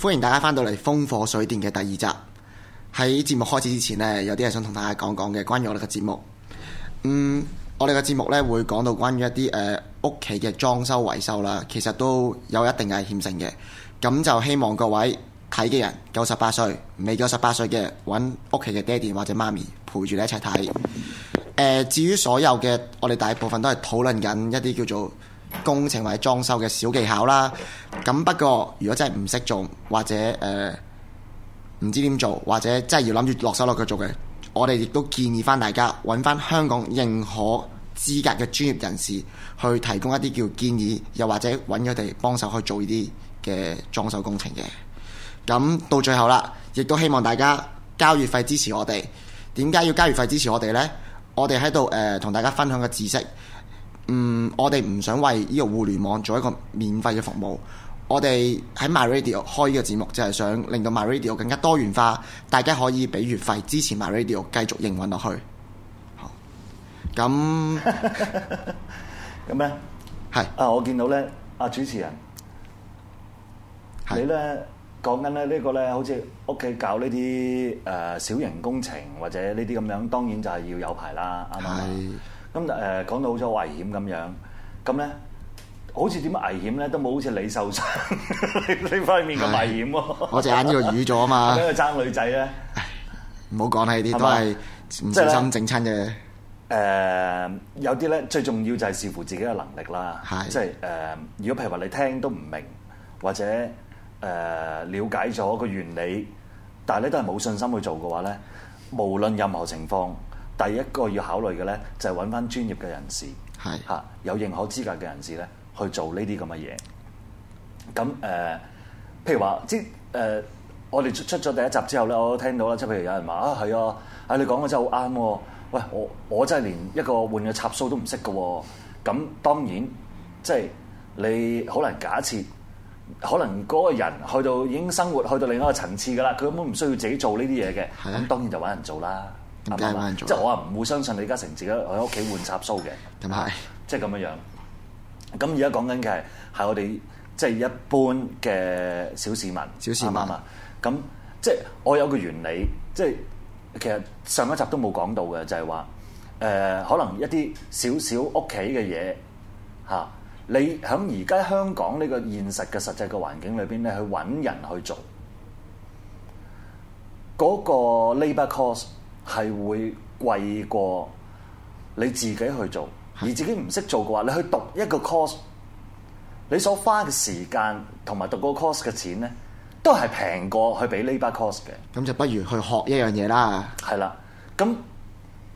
歡迎大家返到嚟《風火水電》嘅第二集。喺節目開始之前呢，有啲人想同大家講講嘅關於我哋嘅節目。嗯，我哋嘅節目呢會講到關於一啲誒屋企嘅裝修維修啦，其實都有一定嘅危險性嘅。咁就希望各位睇嘅人九十八歲未九十八歲嘅揾屋企嘅爹哋或者媽咪陪住你一齊睇。呃，至於所有嘅我哋大部分都係討論緊一啲叫做。工程或者裝修嘅小技巧啦，咁不過如果真係唔識做或者誒唔知點做，或者真係要諗住落手落腳做嘅，我哋亦都建議翻大家揾翻香港認可資格嘅專業人士去提供一啲叫建議，又或者揾佢哋幫手去做呢啲嘅裝修工程嘅。咁到最後啦，亦都希望大家交月費支持我哋。點解要交月費支持我哋呢？我哋喺度誒同大家分享個知識。嗯，我哋唔想為呢個互聯網做一個免費嘅服務。我哋喺 My Radio 開呢個節目，就係想令到 My Radio 更加多元化，大家可以俾月費支持 My Radio 繼續營運落去。好，咁咁咧，係 呢是啊，我見到呢，阿、啊、主持人，是你咧講緊咧呢呢個呢，好似屋企搞呢啲、呃、小型工程或者呢啲咁樣，當然就係要有牌啦，是咁誒講到好似，好危險咁樣，咁咧好似點樣危險咧，都冇好似你受傷呢方面咁危險喎！我隻眼呢個瘀咗啊嘛！我喺度爭女仔咧，唔好講呢啲都係唔小心整親嘅。誒，有啲咧最重要就係視乎自己嘅能力啦。係，即係誒，如果譬如話你聽都唔明，或者誒瞭解咗個原理，但係咧都係冇信心去做嘅話咧，無論任何情況。第一個要考慮嘅咧，就係揾翻專業嘅人士，嚇是的 有認可資格嘅人士咧，去做呢啲咁嘅嘢。咁誒、呃，譬如話，即誒、呃，我哋出出咗第一集之後咧，我都聽到啦，即譬如有人話啊，係啊，啊你講嘅真係好啱喎。喂，我我真係連一個換嘅插數都唔識㗎喎。咁當然，即係你可能假設，可能嗰個人去到已經生活去到另一個層次㗎喇，佢根本唔需要自己做呢啲嘢嘅。咁的當然就揾人做啦。即係我啊，唔會相信李嘉誠自己喺屋企換插蘇嘅，咁係、嗯、即係咁樣樣。咁而家講緊嘅係，係我哋即係一般嘅小市民，小市民啊嘛。咁即係我有個原理，即係其實上一集都冇講到嘅，就係話誒，可能一啲少少屋企嘅嘢嚇，你喺而家香港呢個現實嘅實際嘅環境裏邊咧，去揾人去做嗰、那個 labour cost。係會貴過你自己去做，而自己唔識做嘅話，你去讀一個 course，你所花嘅時間同埋讀個 course 嘅錢咧，都係平過去俾呢 labour cost 嘅。咁就不如去學一樣嘢啦。係啦，咁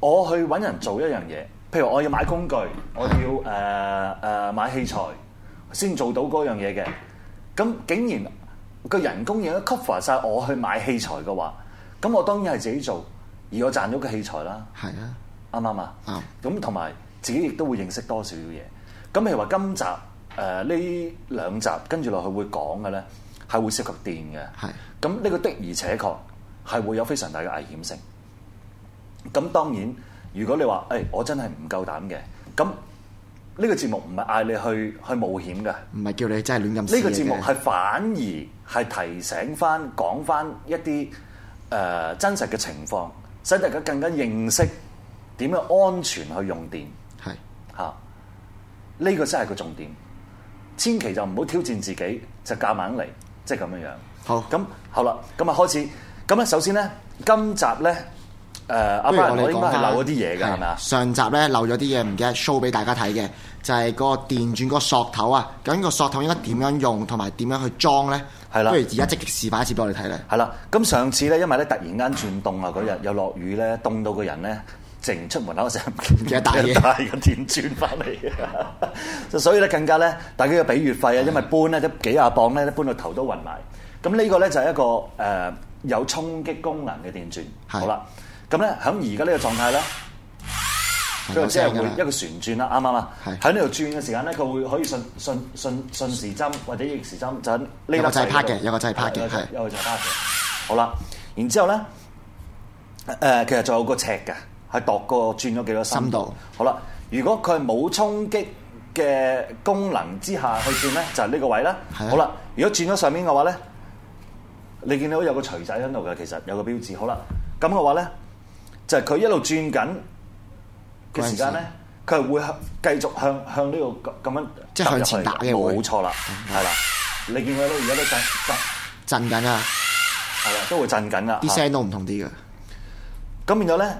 我去揾人做一樣嘢，譬如我要買工具，我要誒、呃呃、買器材先做到嗰樣嘢嘅，咁竟然個人工已經 cover 晒我去買器材嘅話，咁我當然係自己做。而我賺咗個器材啦，係啊，啱啱啊？咁，同埋自己亦都會認識多少少嘢。咁譬如話，今集誒呢、呃、兩集跟住落去會講嘅咧，係會涉及電嘅。係咁呢個的而且確係會有非常大嘅危險性。咁當然，如果你話誒、欸、我真係唔夠膽嘅，咁呢個節目唔係嗌你去去冒險嘅，唔係叫你真係亂咁。呢個節目係反而係提醒翻講翻一啲誒、呃、真實嘅情況。使大家更加認識點樣安全去用電，係嚇呢個真係個重點。千祈就唔好挑戰自己，就夾硬嚟，即係咁樣樣。好咁好啦，咁啊開始咁咧。首先咧，今集咧，誒阿媽，我應該係漏咗啲嘢㗎，係咪啊？上集咧漏咗啲嘢，唔記得 show 俾大家睇嘅。就係個電鑽個索頭啊，究竟個索頭應該點樣用同埋點樣去裝咧係啦的，不如而家即刻示範一次俾我哋睇咧。係啦，咁上次咧，因為咧突然間轉凍啊，嗰日又落雨咧，凍到個人咧，淨出門口時候，唔記得帶嘢，帶個電鑽翻嚟。就 所以咧更加咧，大家要俾月費啊，的因為搬咧一幾廿磅咧，搬到頭都暈埋。咁呢個咧就係、是、一個誒、呃、有衝擊功能嘅電鑽。的好啦，咁咧喺而家呢個狀態咧。佢即係會一個旋轉啦，啱啱啊？喺呢度轉嘅時間咧，佢會可以順順順順時針或者逆時針，就喺呢度。一個就係拍嘅，對有個掣拍嘅，有一個就係拍嘅。好啦，然之後咧，誒、呃、其實仲有個尺嘅，係度個轉咗幾多深度？深度，好啦，如果佢係冇衝擊嘅功能之下去轉咧，就係、是、呢個位啦。是的 好啦，如果轉咗上面嘅話咧，你見到有個錘仔喺度嘅，其實有個標誌。好啦，咁嘅話咧，就係、是、佢一路轉緊。嘅時，時間咧，佢係會向繼續向向呢、這個咁樣即係向前打嘅，冇錯啦，係啦。你見佢都而家都在震震震緊啊，係啦，都會震緊噶，啲聲都唔同啲嘅。咁變咗咧，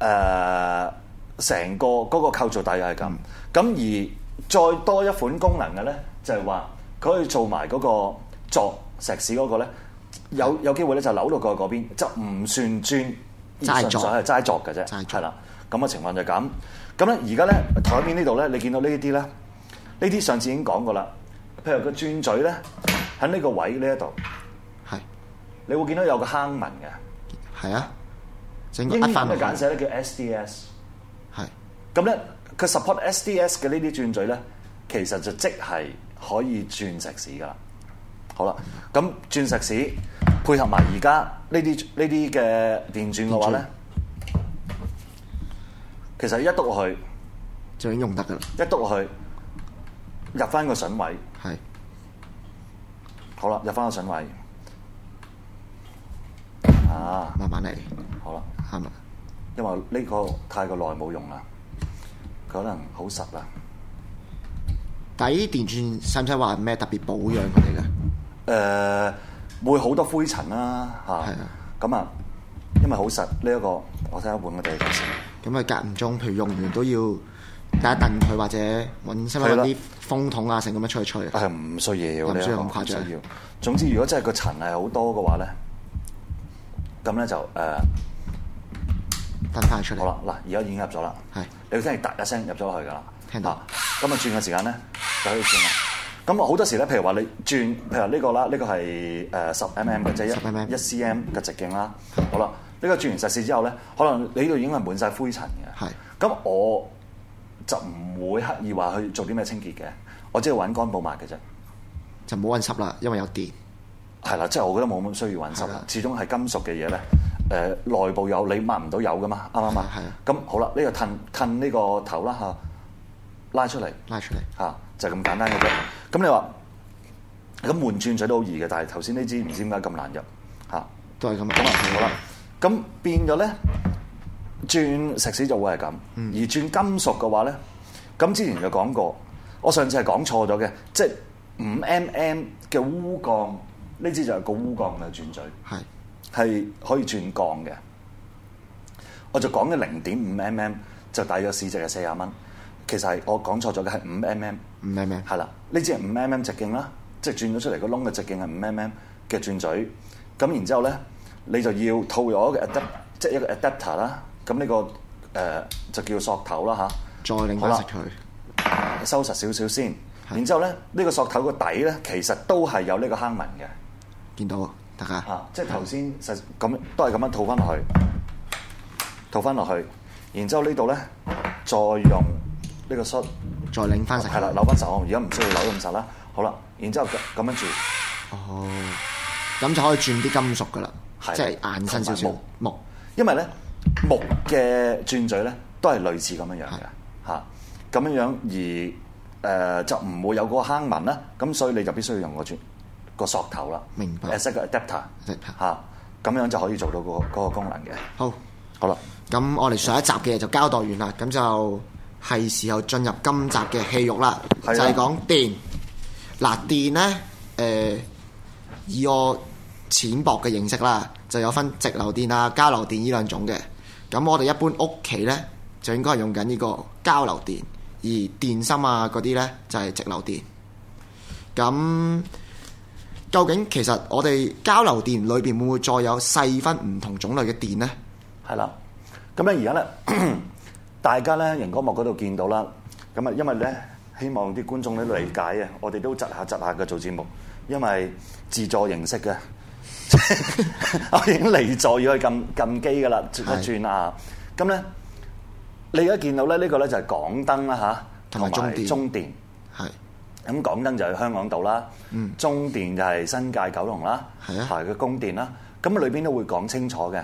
誒，成個嗰個構造大約係咁。咁、嗯、而再多一款功能嘅咧，就係、是、話佢可以做埋嗰、那個鑿石屎嗰、那個咧，有有機會咧就扭到過去嗰邊，就唔、是、算轉，齋做係作嘅啫，係啦。咁嘅情況就咁，咁咧而家咧台面呢度咧，你見到呢啲咧，呢啲上次已經講過啦。譬如個轉嘴咧，喺呢個位呢一度，係是你會見到有個坑紋嘅，係啊，一英文嘅簡寫咧叫 SDS，係。咁咧佢 support SDS 嘅呢啲轉嘴咧，其實就即係可以轉石屎噶啦。好啦，咁轉石屎配合埋而家呢啲呢啲嘅電轉嘅話咧。其實一督落去就已經用得噶啦，一督落去入翻個筍位係，好啦，入翻個筍位啊，慢慢嚟，好啦，啱嘛？因為呢個太過耐冇用啦，可能好實啦。但係呢啲電鑽使唔使話咩特別保養佢哋噶？誒，會好多灰塵啦吓，咁啊，因為好實呢一個，我睇下換我哋嘅電池。咁啊，隔唔中，譬如用完都要打一頓佢，或者搵啲風筒啊了，成咁樣吹一吹。啊，唔需要嘅，唔需要咁誇張要。總之，如果真係個塵係好多嘅話咧，咁咧就呃，分翻出嚟。好啦，嗱，而家已經入咗啦。係是，你要聽，突一聲入咗去㗎啦。聽到。咁啊，就轉嘅時間咧就可以轉啦。咁啊，好多時咧，譬如話你轉，譬如呢個啦，呢個係誒十 mm 嘅，即係一一 cm 嘅直徑啦。好啦。呢個轉完實試之後咧，可能你呢度已經係滿晒灰塵嘅。係，咁我就唔會刻意話去做啲咩清潔嘅，我只係揾乾布抹嘅啫，就冇揾濕啦，因為有電。係啦，即係我覺得冇乜需要揾濕，是的 始終係金屬嘅嘢咧。誒、呃，內部有你抹唔到有噶嘛？啱唔啱啊？係是的。咁好啦，呢個褪褪呢個頭啦嚇、啊，拉出嚟，拉出嚟嚇、啊，就咁簡單嘅啫。咁、嗯、你話咁換轉水都好易嘅，但係頭先呢支唔知點解咁難入吓，都係咁啊，樣好啦。嗯咁變咗咧，轉石屎就會係咁，嗯、而轉金屬嘅話咧，咁之前就講過，我上次係講錯咗嘅，即係五 mm 嘅烏鋼呢支就係個烏鋼嘅轉嘴，係係可以轉鋼嘅。我就講嘅零點五 mm 就大約市值係四廿蚊，其實係我講錯咗嘅係五 mm，五 mm 係啦，呢支係五 mm 直徑啦，即係轉咗出嚟個窿嘅直徑係五 mm 嘅轉嘴，咁然之後咧。你就要套咗一個 adapter 即係一個 adapter 啦 ad、呢個。咁呢個誒就叫索頭啦吓，啊、再擰翻實佢，去收實少少先。是然之後咧，呢、呢個索頭個底咧，其實都係有呢個坑紋嘅。見到，大家嚇，即係頭先實咁都係咁樣套翻落去，套翻落去。然之後呢度咧，再用呢個索，再擰翻實。係啦了，扭翻走。如果唔知扭咁實啦。好啦，然之後咁樣住哦。咁就可以轉啲金屬噶啦。是即係硬身少少，木，木因為咧木嘅轉嘴咧都係類似咁樣的是的 樣嘅，吓咁樣樣而誒、呃、就唔會有嗰個坑紋啦，咁所以你就必須要用個轉、個索頭啦，明白？誒，即係個 adapter，吓，咁樣就可以做到嗰個個功能嘅。好，好啦了，咁我哋上一集嘅嘢就交代完啦，咁就係時候進入今集嘅戲肉啦，是的 就係講電。嗱，電、呃、咧，誒，我。淺薄嘅認識啦，就有分直流電啊、交流電呢兩種嘅。咁我哋一般屋企呢，就應該係用緊呢個交流電，而電芯啊嗰啲呢，就係、是、直流電。咁究竟其實我哋交流電裏邊會唔會再有細分唔同種類嘅電呢？係啦，咁咧而家呢， 大家呢，熒光幕嗰度見到啦。咁啊，因為呢，希望啲觀眾呢，理解啊，嗯、我哋都窒下窒下嘅做節目，因為自助形式嘅。 我已經離座要去撳撳機噶啦，轉一轉啊！咁咧是的，你而家見到咧呢個咧就係港燈啦吓，同埋中電係。咁是的 港燈就喺香港島啦，嗯、中電就係新界九龍啦，係啊的，同埋個供電啦。咁裏邊都會講清楚嘅。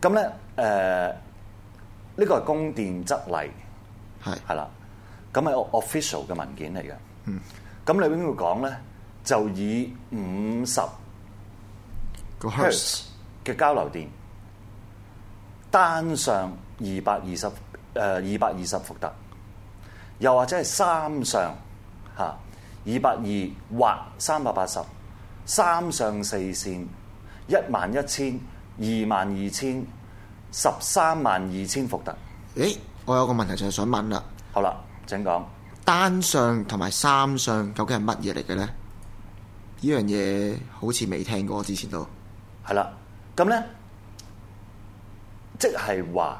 咁咧，誒、呃，呢個係供電則例係係啦。咁係 official 嘅文件嚟嘅。咁、嗯、裏邊會講咧，就以五十。嘅交流電單相二百二十誒，二百二十伏特，又或者係三相吓，二百二或三百八十，三相四線一萬一千二萬二千十三萬二千伏特。誒，我有個問題就係想問啦。好啦，請講。單相同埋三相究竟係乜嘢嚟嘅呢？呢樣嘢好似未聽過之前都。係啦，咁咧即係話，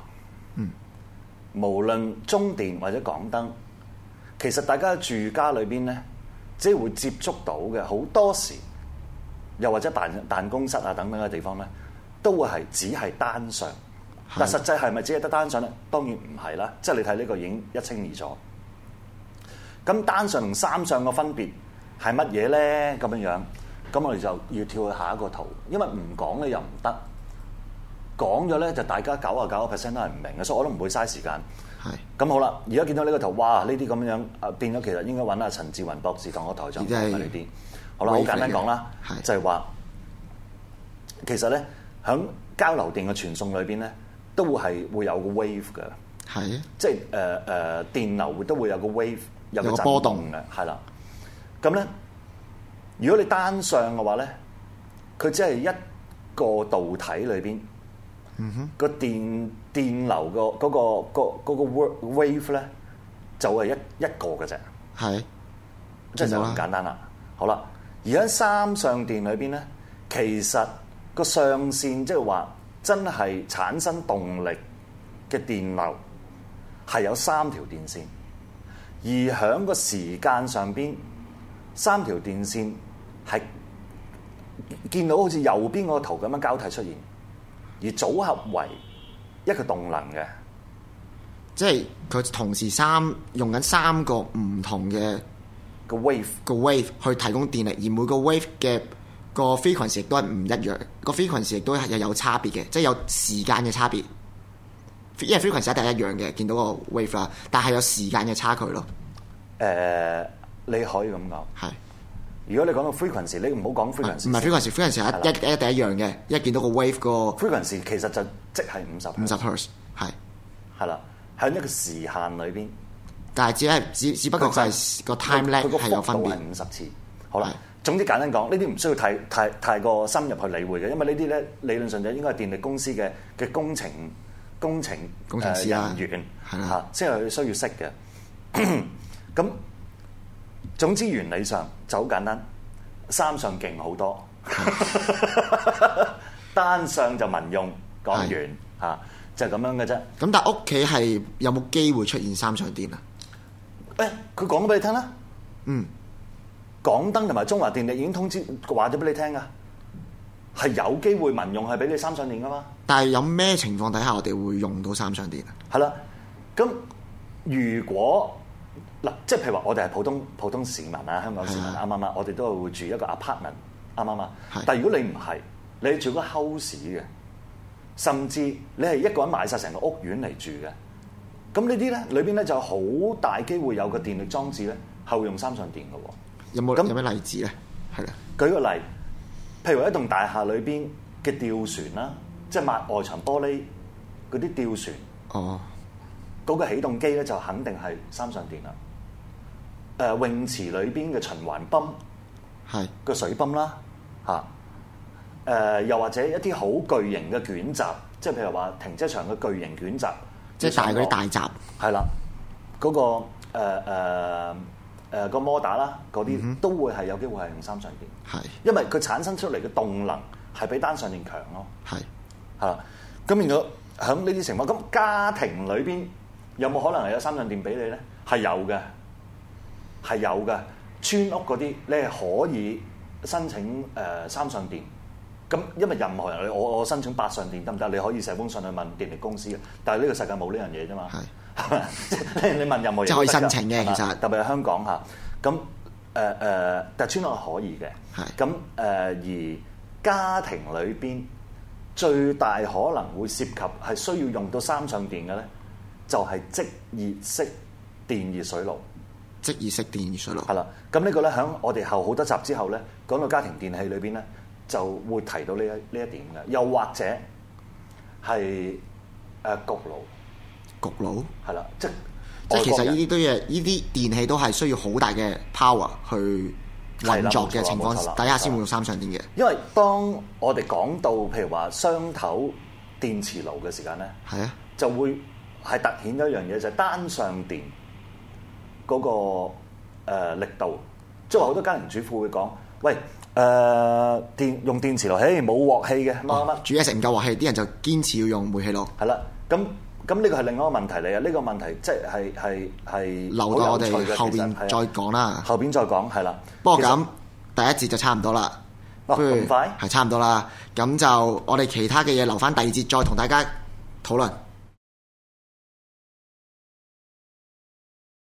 無論中電或者港燈，其實大家住家裏邊咧，即係會接觸到嘅，好多時又或者辦辦公室啊等等嘅地方咧，都會係只係單相，是的 但實際係咪只係得單相咧？當然唔係啦，即係你睇呢個已經一清二楚。咁單相同三相嘅分別係乜嘢咧？咁樣樣？咁我哋就要跳去下一個圖，因為唔講咧又唔得，講咗咧就大家九啊九個 percent 都係唔明嘅，所以我都唔會嘥時間。係是。咁好啦，而家見到呢個圖，哇！呢啲咁樣啊，變咗其實應該揾阿陳志雲博士講個台就係呢啲。好啦，好 wave 簡單講啦，係就係話其實咧，響交流電嘅傳送裏邊咧，都係會,會有個 wave 㗎。係的。即係誒誒電流都會有個 wave，有個,有個波動嘅。係啦。咁咧。如果你單相嘅話咧，佢只係一個導體裏面，嗯、哼，個電，電流嘅、嗰個嗰、嗰個嗰個 wave 咧，就係一一個嘅啫，係嗎，即係就咁簡單啦。嗯、哼好啦，而喺三相電裏面咧，其實個相線即係話真係產生動力嘅電流係有三條電線，而喺個時間上邊三條電線。係見到好似右邊個圖咁樣交替出現，而組合為一個動能嘅，即係佢同時三用緊三個唔同嘅個 wave 個 wave 去提供電力，而每個 wave 嘅個 frequency 亦都係唔一樣，個 frequency 亦都係有差別嘅，即係有時間嘅差別。因為 frequency 係第一樣嘅，見到個 wave 啦，但係有時間嘅差距咯。誒、呃，你可以咁講係。如果你講到 frequency，你唔好講 frequency。唔係 frequency，frequency 一一一定一樣嘅，因為見到個 wave 個 frequency 其實就即係五十。五十 hertz 係係啦，喺一個時限裏邊。但係只係只只不過就係個 time length 咧係有分別五十次。好啦，總之簡單講，呢啲唔需要太太太過深入去理會嘅，因為呢啲咧理論上就應該係電力公司嘅嘅工程工程人員嚇，即係佢需要識嘅。咁。總之原理上，就好簡單，三相勁好多。是的 單相就民用。講完嚇，是的 就咁樣嘅啫。咁但係屋企係有冇機會出現三相電啊？誒、欸，佢講咗俾你聽啦。嗯，港燈同埋中華電力已經通知話咗俾你聽㗎，係有機會民用係俾你三相電㗎嘛。但係有咩情況底下我哋會用到三相電啊？係啦，咁如果。嗱，即係譬如話，我哋係普通普通市民啊，香港市民，啱唔啱啊？我哋都係會住一個 apartment，啱唔啱啊？是的 但係如果你唔係，你住嗰 house 嘅，甚至你係一個人買晒成個屋苑嚟住嘅，咁呢啲咧，裏邊咧就好大機會有個電力裝置咧，係會用三相電嘅。有冇咁？那有咩例子咧？係啦，舉個例，譬如話一棟大廈裏邊嘅吊船啦，即係抹外牆玻璃嗰啲吊船，哦，嗰個起動機咧就肯定係三相電啦。誒、呃、泳池裏邊嘅循環泵，係個是的 水泵啦，嚇是的、呃！誒又或者一啲好巨型嘅捲閘，即係譬如話停車場嘅巨型捲閘，即係大嗰啲大閘，係、那、啦、個。嗰個誒誒誒個摩打啦，嗰、呃、啲、呃呃嗯嗯、都會係有機會係用三相電，係是的 因為佢產生出嚟嘅動能係比單相電強咯，係嚇是的。咁如果喺呢啲情況，咁家庭裏邊有冇可能係有三相電俾你咧？係有嘅。係有嘅，村屋嗰啲你可以申請誒三相電。咁因為任何人，我我申請八相電得唔得？你可以寫封信去問電力公司嘅。但係呢個世界冇呢樣嘢啫嘛。係，係咪？即係你問任何嘢都可以申請嘅，其實特別係香港嚇。咁誒誒，但係村屋係可以嘅。係。咁誒而家庭裏邊最大可能會涉及係需要用到三相電嘅咧，就係即熱式電熱水爐。即係電熱水爐。係啦，咁呢個咧喺我哋後好多集之後咧，講到家庭電器裏邊咧，就會提到呢一呢一,一點嘅。又或者係誒焗、焗爐、焗爐係啦，即即係其實呢啲都要，呢啲電器都係需要好大嘅 power 去運作嘅情況下，底下先會用三相電嘅。因為當我哋講到譬如話雙頭電磁爐嘅時間咧，係啊，就會係突顯一樣嘢就係、是、單相電。嗰、那個、呃、力度，即係話好多家庭主婦會講：，啊、喂，誒、呃、電用電磁爐，誒冇鑊氣嘅，乜乜煮嘢食唔夠鑊氣，啲、哦、麼人就堅持要用煤氣爐。係啦，咁咁呢個係另外一個問題嚟嘅。呢、這個問題即係係係留到我哋後邊再講啦。後邊再講係啦，不過咁實第一節就差唔多啦。咁、哦、快係差唔多啦，咁就我哋其他嘅嘢留翻第二節再同大家討論。